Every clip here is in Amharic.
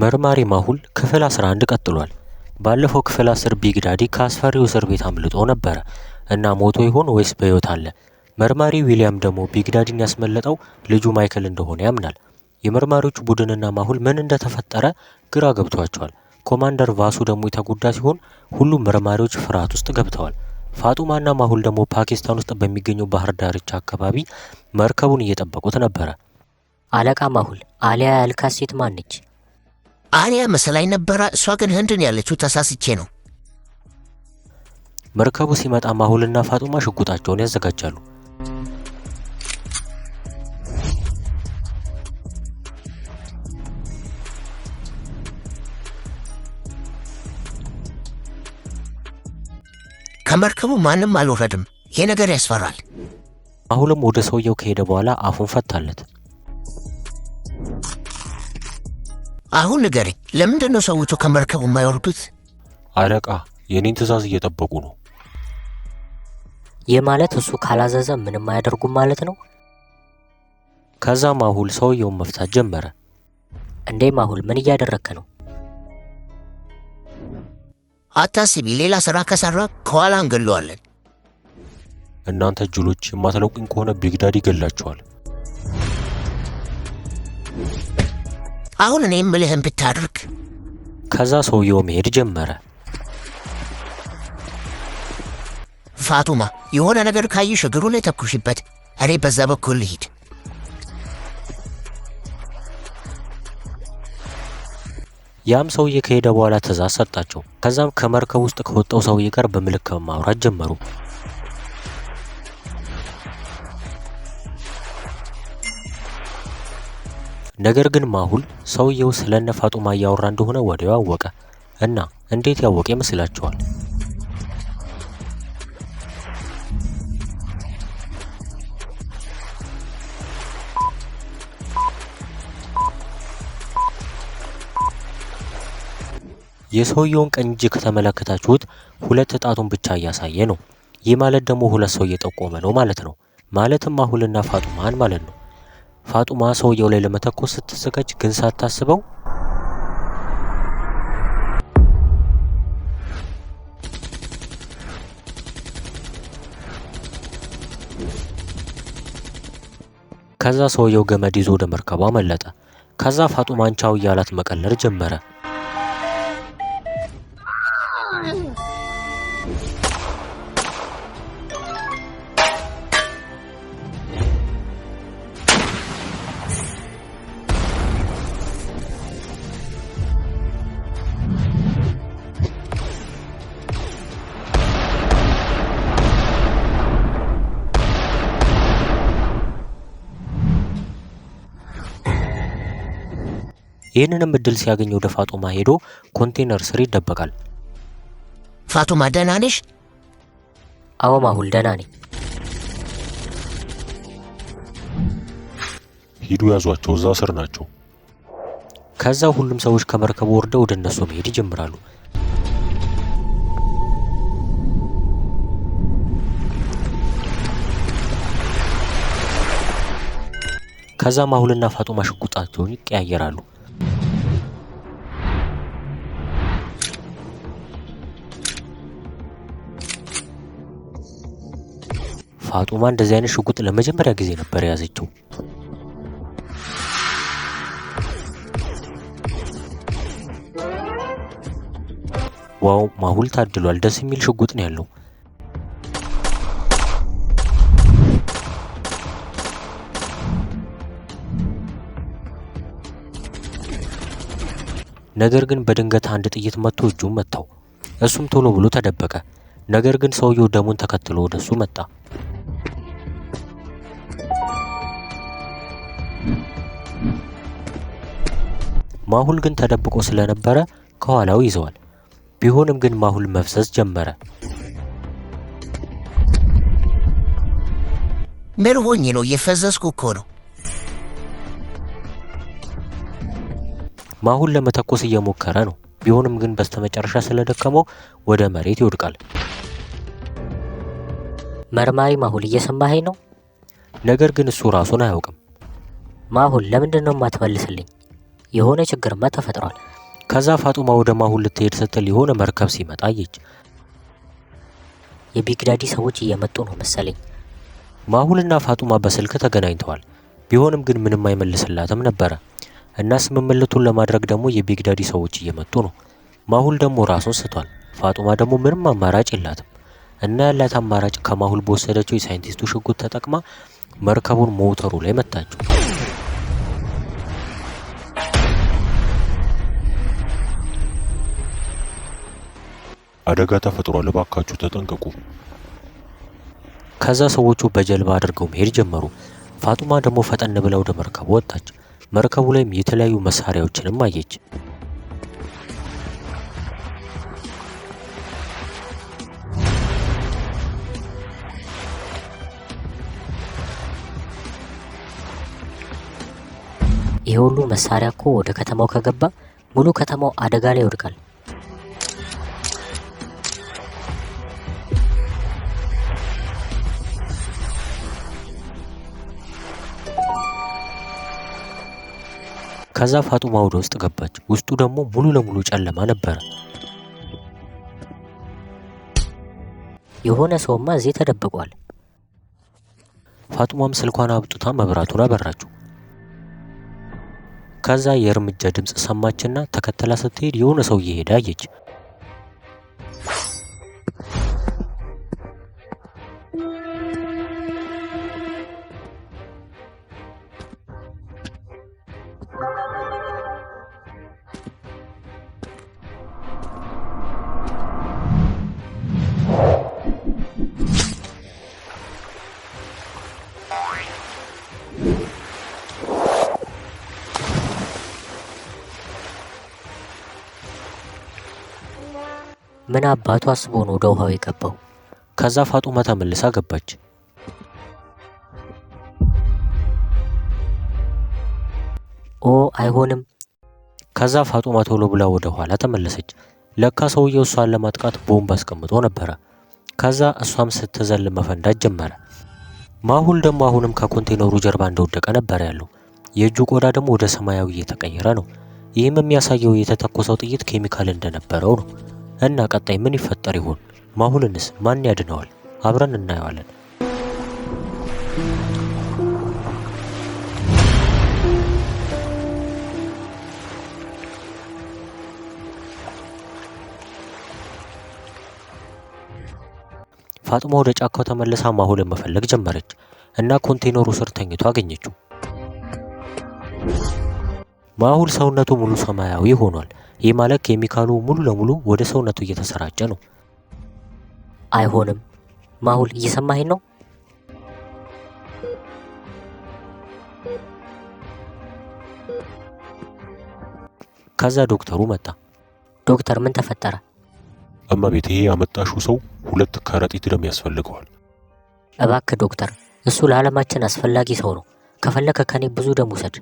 መርማሪ ማሁል ክፍል 11 ቀጥሏል። ባለፈው ክፍል 10 ቢግዳዲ ዳዲ ከአስፈሪው እስር ቤት አምልጦ ነበረ እና ሞቶ ይሆን ወይስ በህይወት አለ? መርማሪ ዊሊያም ደግሞ ቢግዳዲን ያስመለጠው ልጁ ማይክል እንደሆነ ያምናል። የመርማሪዎቹ ቡድንና ማሁል ምን እንደተፈጠረ ግራ ገብቷቸዋል። ኮማንደር ቫሱ ደግሞ የተጎዳ ሲሆን ሁሉም መርማሪዎች ፍርሃት ውስጥ ገብተዋል። ፋጡማና ማሁል ደግሞ ፓኪስታን ውስጥ በሚገኘው ባህር ዳርቻ አካባቢ መርከቡን እየጠበቁት ነበረ። አለቃ ማሁል አሊያ ያልካሴት ማን ነች? አሊያ መሰላኝ አይነበራ እሷ ግን ህንድን ያለችው ተሳስቼ ነው። መርከቡ ሲመጣ ማሁልና ፋጡማ ሽጉጣቸውን ያዘጋጃሉ። ከመርከቡ ማንም አልወረድም። ይሄ ነገር ያስፈራል። ማሁልም ወደ ሰውየው ከሄደ በኋላ አፉን ፈታለት። አሁን ንገሪ፣ ለምንድን ነው ሰዎቹ ከመርከቡ የማይወርዱት? አለቃ፣ የኔን ትእዛዝ እየጠበቁ ነው። ይህ ማለት እሱ ካላዘዘ ምንም አያደርጉም ማለት ነው። ከዛ ማሁል ሰውየውን መፍታት ጀመረ። እንዴ ማሁል፣ ምን እያደረግክ ነው? አታስቢ፣ ሌላ ስራ ከሰራ ከኋላ እንገለዋለን። እናንተ ጅሎች፣ የማትለቁኝ ከሆነ ቢግዳድ ይገላችኋል። አሁን እኔም ምልህን ብታደርግ። ከዛ ሰውየው መሄድ ጀመረ። ፋቱማ የሆነ ነገር ካየሽ እግሩ ላይ ተኩሽበት። እኔ በዛ በኩል ልሂድ። ያም ሰውዬ ከሄደ በኋላ ትእዛዝ ሰጣቸው። ከዛም ከመርከብ ውስጥ ከወጣው ሰውዬ ጋር በምልክት ማውራት ጀመሩ። ነገር ግን ማሁል ሰውየው ስለነ ፋጡማ እያወራ እንደሆነ ወዲያው አወቀ። እና እንዴት ያወቀ ይመስላችኋል? የሰውየውን ቀኝ እጅ ከተመለከታችሁት ሁለት ጣቱን ብቻ እያሳየ ነው። ይህ ማለት ደግሞ ሁለት ሰው እየጠቆመ ነው ማለት ነው። ማለትም ማሁልና ፋጡማን ማለት ነው። ፋጡማ ሰውየው ላይ ለመተኮስ ስትዘጋጅ ግን ሳታስበው ከዛ ሰውየው ገመድ ይዞ ወደ መርከቧ መለጠ። ከዛ ፋጡማን ቻው እያላት መቀለር ጀመረ። ይህንንም እድል ሲያገኝ ወደ ፋጡማ ሄዶ ኮንቴነር ስር ይደበቃል። ፋቱማ ደህና ነሽ? አዎ ማሁል ደህና ነኝ። ሂዱ ያዟቸው፣ እዛ ስር ናቸው። ከዛ ሁሉም ሰዎች ከመርከቡ ወርደው ወደ እነሱ መሄድ ይጀምራሉ። ከዛ ማሁልና ፋጡማ ሽጉጣቸውን ይቀያየራሉ። ፋጡማ እንደዚህ አይነት ሽጉጥ ለመጀመሪያ ጊዜ ነበር የያዘችው። ዋው ማሁል ታድሏል። ደስ የሚል ሽጉጥ ነው ያለው። ነገር ግን በድንገት አንድ ጥይት መጥቶ እጁን መታው። እሱም ቶሎ ብሎ ተደበቀ። ነገር ግን ሰውየው ደሙን ተከትሎ ወደሱ መጣ። ማሁል ግን ተደብቆ ስለነበረ ከኋላው ይዘዋል። ቢሆንም ግን ማሁል መፍሰስ ጀመረ። መርቦኝ ነው እየፈዘዝኩ እኮ ነው። ማሁል ለመተኮስ እየሞከረ ነው። ቢሆንም ግን በስተመጨረሻ ስለደከመው ወደ መሬት ይወድቃል። መርማሪ ማሁል እየሰማኸኝ ነው? ነገር ግን እሱ ራሱን አያውቅም። ማሁል ለምንድን ነው የማትመልስልኝ? የሆነ ችግርማ ተፈጥሯል። ከዛ ፋጡማ ወደ ማሁል ልትሄድ ስትል የሆነ መርከብ ሲመጣ አየች። የቢግዳዲ ሰዎች እየመጡ ነው መሰለኝ። ማሁልና ፋጡማ በስልክ ተገናኝተዋል። ቢሆንም ግን ምንም አይመልስላትም ነበረ እና ስምምነቱን ለማድረግ ደግሞ የቢግዳዲ ሰዎች እየመጡ ነው። ማሁል ደግሞ ራሱን ስቷል። ፋጡማ ደግሞ ምንም አማራጭ የላትም እና ያላት አማራጭ ከማሁል በወሰደችው የሳይንቲስቱ ሽጉጥ ተጠቅማ መርከቡን ሞተሩ ላይ መታችው። አደጋ ተፈጥሯል፣ እባካችሁ ተጠንቀቁ። ከዛ ሰዎቹ በጀልባ አድርገው መሄድ ጀመሩ። ፋጡማ ደግሞ ፈጠን ብላ ወደ መርከቡ ወጣች። መርከቡ ላይም የተለያዩ መሳሪያዎችንም አየች። ይህ ሁሉ መሳሪያ እኮ ወደ ከተማው ከገባ ሙሉ ከተማው አደጋ ላይ ይወድቃል። ከዛ ፋጡማ ወደ ውስጥ ገባች። ውስጡ ደግሞ ሙሉ ለሙሉ ጨለማ ነበረ። የሆነ ሰውማ እዚህ ተደብቋል። ፋጡማም ስልኳን አብጡታ መብራቱን አበራችው። ከዛ የእርምጃ ድምፅ ሰማችና ተከትላ ስትሄድ የሆነ ሰው እየሄደ አየች። ምን አባቱ አስቦ ነው ወደ ውሃው የገባው? ከዛ ፋጡማ ተመልሳ ገባች። ኦ አይሆንም። ከዛ ፋጡማ ቶሎ ብላ ወደ ኋላ ተመለሰች። ለካ ሰውየው እሷን ለማጥቃት ቦምብ አስቀምጦ ነበረ። ከዛ እሷም ስትዘል መፈንዳት ጀመረ። ማሁል ደግሞ አሁንም ከኮንቴነሩ ጀርባ እንደወደቀ ነበር ያለው። የእጁ ቆዳ ደግሞ ወደ ሰማያዊ እየተቀየረ ነው። ይህም የሚያሳየው የተተኮሰው ጥይት ኬሚካል እንደነበረው ነው። እና ቀጣይ ምን ይፈጠር ይሆን? ማሁልንስ ማን ያድነዋል? አብረን እናየዋለን። ፋጥማ ወደ ጫካው ተመልሳ ማሁልን መፈለግ ጀመረች እና ኮንቴይነሩ ስር ተኝቶ አገኘችው። ማሁል ሰውነቱ ሙሉ ሰማያዊ ሆኗል። ይህ ማለት ኬሚካሉ ሙሉ ለሙሉ ወደ ሰውነቱ እየተሰራጨ ነው። አይሆንም። ማሁል እየሰማኸኝ ነው? ከዛ ዶክተሩ መጣ። ዶክተር ምን ተፈጠረ? እመቤት፣ ይሄ ያመጣሽው ሰው ሁለት ከረጢት ደም ያስፈልገዋል። እባክህ ዶክተር፣ እሱ ለዓለማችን አስፈላጊ ሰው ነው። ከፈለከ ከኔ ብዙ ደም ውሰድ።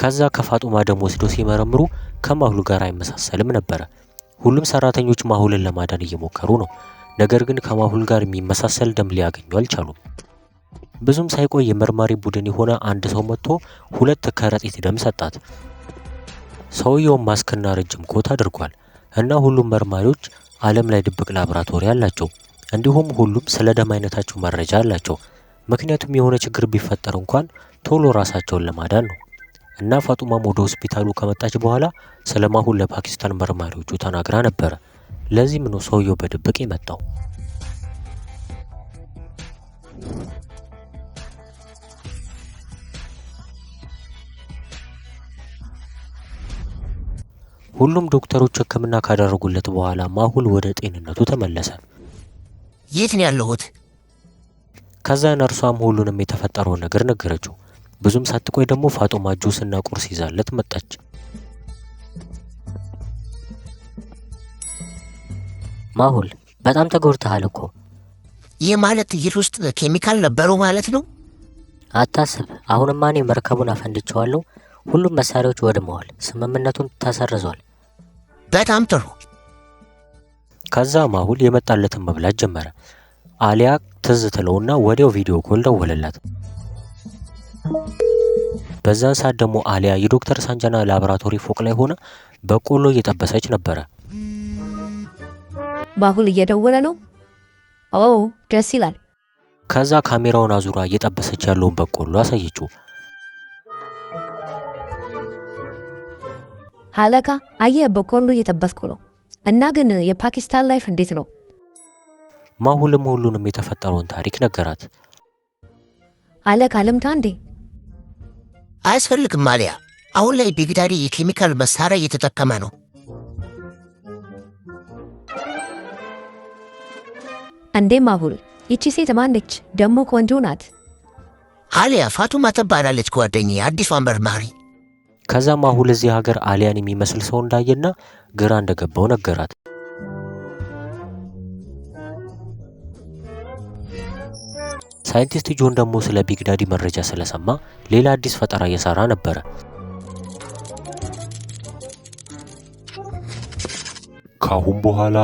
ከዛ ከፋጡማ ደም ወስዶ ሲመረምሩ ከማሁል ጋር አይመሳሰልም ነበረ። ሁሉም ሰራተኞች ማሁልን ለማዳን እየሞከሩ ነው። ነገር ግን ከማሁል ጋር የሚመሳሰል ደም ሊያገኙ አልቻሉም። ብዙም ሳይቆይ የመርማሪ ቡድን የሆነ አንድ ሰው መጥቶ ሁለት ከረጢት ደም ሰጣት። ሰውየውም ማስክና ረጅም ኮት አድርጓል እና ሁሉም መርማሪዎች ዓለም ላይ ድብቅ ላብራቶሪ አላቸው። እንዲሁም ሁሉም ስለ ደም አይነታቸው መረጃ አላቸው። ምክንያቱም የሆነ ችግር ቢፈጠር እንኳን ቶሎ ራሳቸውን ለማዳን ነው። እና ፋጡማም ወደ ሆስፒታሉ ከመጣች በኋላ ስለማሁን ለፓኪስታን መርማሪዎቹ ተናግራ ነበረ። ለዚህም ነው ሰውየው በድብቅ የመጣው። ሁሉም ዶክተሮች ሕክምና ካደረጉለት በኋላ ማሁል ወደ ጤንነቱ ተመለሰ። የት ነው ያለሁት? ከዛ ነርሷም ሁሉንም የተፈጠረውን ነገር ነገረችው። ብዙም ሳትቆይ ደግሞ ፋጡማ ጁስና ቁርስ ይዛለት መጣች። ማሁል በጣም ተጎድተሃል እኮ። ይህ ማለት ይህ ውስጥ ኬሚካል ነበሩ ማለት ነው? አታስብ። አሁንማ እኔ መርከቡን አፈንድቸዋለሁ። ሁሉም መሳሪያዎች ወድመዋል። ስምምነቱን ተሰርዟል። በጣም ጥሩ። ከዛ ማሁል የመጣለትን መብላት ጀመረ። አሊያ ትዝ ትለውና ወዲያው ቪዲዮ ኮል ደወለላት። በዛን ሰዓት ደግሞ አሊያ የዶክተር ሳንጃና ላቦራቶሪ ፎቅ ላይ ሆነ በቆሎ እየጠበሰች ነበረ። ባሁል እየደወለ ነው። ኦ ደስ ይላል። ከዛ ካሜራውን አዙራ እየጠበሰች ያለውን በቆሎ አሳየችው። ሀለካ አየህ፣ በቆሎ እየጠበስኩ ነው። እና ግን የፓኪስታን ላይፍ እንዴት ነው? ማሁልም ሁሉንም የተፈጠረውን ታሪክ ነገራት። አለካ ልምታ እንዴ አያስፈልግም አሊያ። አሁን ላይ ቢግ የኬሚካል መሳሪያ እየተጠቀመ ነው። እንዴ ማሁል፣ ይቺ ሴት ማነች? ደሞ ቆንጆ ናት። አሊያ ፋቱማ ትባላለች፣ ጓደኛዬ፣ አዲሷ መርማሪ። ከዛ ማሁል እዚህ ሀገር አሊያን የሚመስል ሰው እንዳየና ግራ እንደገባው ነገራት። ሳይንቲስት ጆን ደግሞ ስለ ዳዲ መረጃ ስለሰማ ሌላ አዲስ ፈጠራ እየሰራ ነበረ። ካሁን በኋላ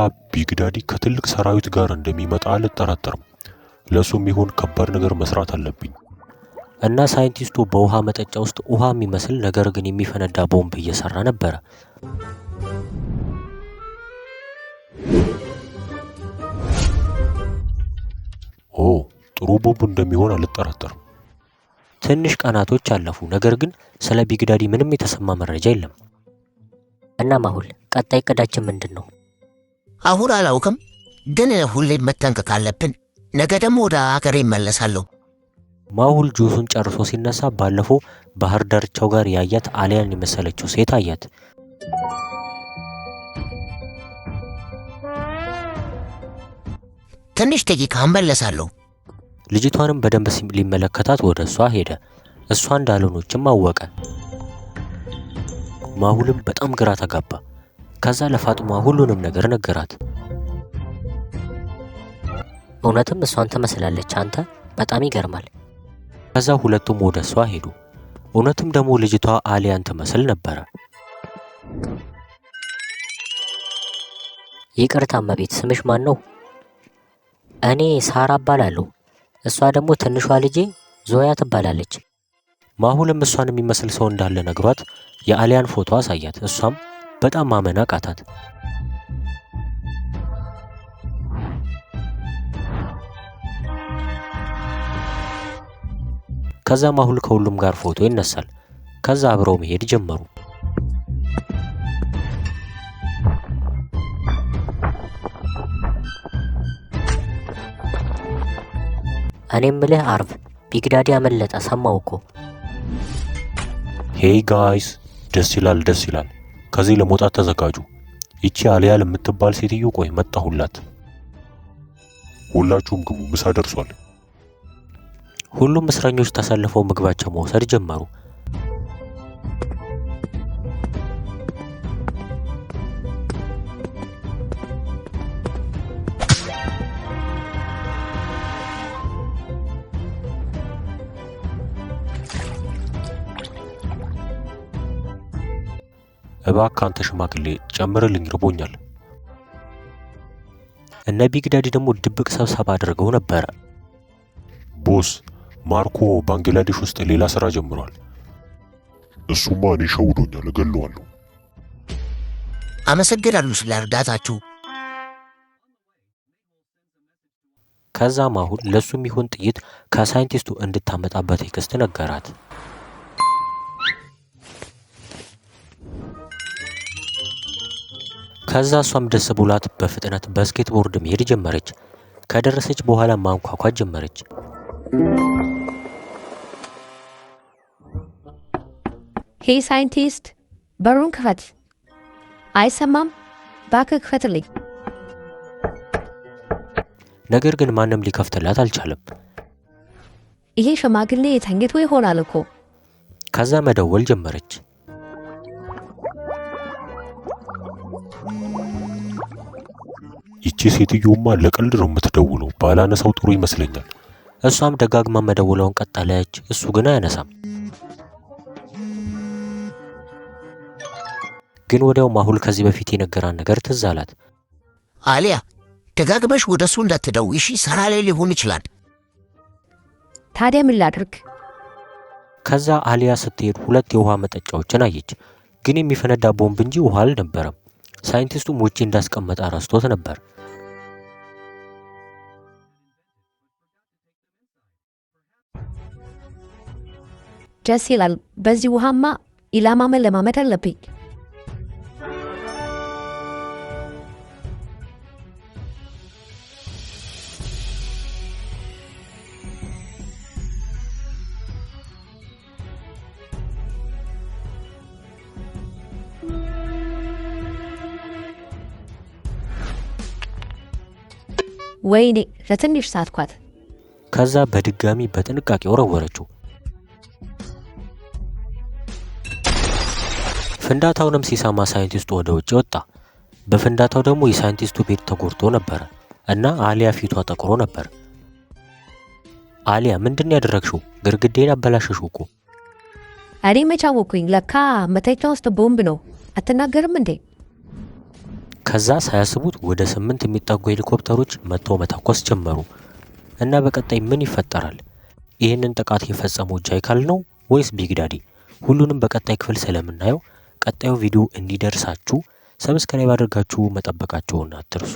ዳዲ ከትልቅ ሰራዊት ጋር እንደሚመጣ አልጠራጠርም። ለሱም ይሁን ከባድ ነገር መስራት አለብኝ እና ሳይንቲስቱ በውሃ መጠጫ ውስጥ ውሃ የሚመስል ነገር ግን የሚፈነዳ ቦምብ እየሰራ ነበረ። ኦ ጥሩ ቦምብ እንደሚሆን አልጠራጠርም። ትንሽ ቀናቶች አለፉ። ነገር ግን ስለ ቢግዳዲ ምንም የተሰማ መረጃ የለም። እና ማሁል ቀጣይ እቅዳችን ምንድን ነው? አሁን አላውቅም፣ ግን ሁሌም መጠንቀቅ አለብን። ነገ ደግሞ ወደ አገሬ ይመለሳለሁ። ማሁል ጁሱን ጨርሶ ሲነሳ ባለፈው ባህር ዳርቻው ጋር ያያት አሊያን የመሰለችው ሴት አያት። ትንሽ ደቂቃ እመለሳለሁ። ልጅቷንም በደንብ ሊመለከታት ወደ እሷ ሄደ። እሷ እንዳልሆነችም አወቀ። ማሁልም በጣም ግራ ተጋባ። ከዛ ለፋጥማ ሁሉንም ነገር ነገራት። እውነትም እሷን ትመስላለች፣ አንተ በጣም ይገርማል። ከዛ ሁለቱም ወደ እሷ ሄዱ። እውነትም ደግሞ ልጅቷ አሊያን ትመስል ነበረ። ይቅርታ እመቤት፣ ስምሽ ማን ነው? እኔ ሳራ እባላለሁ። እሷ ደግሞ ትንሿ ልጄ ዞያ ትባላለች። ማሁልም እሷን የሚመስል ሰው እንዳለ ነግሯት የአሊያን ፎቶ አሳያት። እሷም በጣም ማመን አቃታት። ከዛ ማሁል ከሁሉም ጋር ፎቶ ይነሳል። ከዛ አብረው መሄድ ጀመሩ። እኔም ምልህ አርብ ቢግዳዲ አመለጠ ሰማው እኮ። ሄይ ጋይስ፣ ደስ ይላል ደስ ይላል። ከዚህ ለመውጣት ተዘጋጁ። ይቺ አልያል የምትባል ሴትዮ ቆይ መጣሁላት። ሁላችሁም ግቡ፣ ምሳ ደርሷል። ሁሉም እስረኞች ተሰልፈው ምግባቸው መውሰድ ጀመሩ። እባክህ አንተ ሽማግሌ ጨምርልኝ ርቦኛል። እነ ቢግ ዳዲ ደግሞ ድብቅ ስብሰባ አድርገው ነበረ። ቦስ ማርኮ ባንግላዴሽ ውስጥ ሌላ ስራ ጀምሯል። እሱማ እኔ ሸውዶኛል፣ እገለዋለሁ። አመሰግናለሁ ስለ እርዳታችሁ። ከዛም አሁን ለእሱ የሚሆን ጥይት ከሳይንቲስቱ እንድታመጣበት ቴክስት ነገራት። ከዛ እሷም ደስ ብሏት በፍጥነት በስኬትቦርድ መሄድ ጀመረች። ከደረሰች በኋላ ማንኳኳት ጀመረች። ሄይ ሳይንቲስት፣ በሩን ክፈት። አይሰማም? እባክህ ክፈትልኝ። ነገር ግን ማንም ሊከፍትላት አልቻለም። ይሄ ሽማግሌ የተንገቱ ይሆናል እኮ። ከዛ መደወል ጀመረች። ይቺ ሴትዮማ ለቀልድ ነው የምትደውለው፣ ባላነሳው ጥሩ ይመስለኛል። እሷም ደጋግማ መደወለውን ቀጠለች። እሱ ግን አያነሳም። ግን ወዲያው ማሁል ከዚህ በፊት የነገራን ነገር ትዝ አላት። አሊያ ደጋግመሽ ወደ እሱ እንዳትደው እሺ? ስራ ላይ ሊሆን ይችላል። ታዲያ ምን ላድርግ? ከዛ አሊያ ስትሄድ ሁለት የውሃ መጠጫዎችን አየች። ግን የሚፈነዳ ቦምብ እንጂ ውሃ አልነበረም። ሳይንቲስቱም ውጪ እንዳስቀመጠ ረስቶት ነበር። ደስ ይላል። በዚህ ውሃማ ኢላማ መለማመድ አለብኝ። ወይኔ ለትንሽ ሳትኳት። ከዛ በድጋሚ በጥንቃቄ ወረወረችው። ፍንዳታውንም ሲሰማ ሳይንቲስቱ ወደ ውጭ ወጣ። በፍንዳታው ደግሞ የሳይንቲስቱ ቤት ተጎድቶ ነበረ እና አሊያ ፊቷ ጠቁሮ ነበር። አሊያ ምንድን ያደረግሽው? ግርግዴን አበላሸሽው እኮ። እኔ መቼ አወኩኝ? ለካ መተቻ ውስጥ ቦምብ ነው። አትናገርም እንዴ? ከዛ ሳያስቡት ወደ ስምንት የሚጠጉ ሄሊኮፕተሮች መጥተው መተኮስ ጀመሩ እና በቀጣይ ምን ይፈጠራል? ይህንን ጥቃት የፈጸመው ጃይካል ነው ወይስ ቢግዳዲ? ሁሉንም በቀጣይ ክፍል ስለምናየው ቀጣዩ ቪዲዮ እንዲደርሳችሁ ሰብስክራይብ አድርጋችሁ መጠበቃችሁን አትርሱ።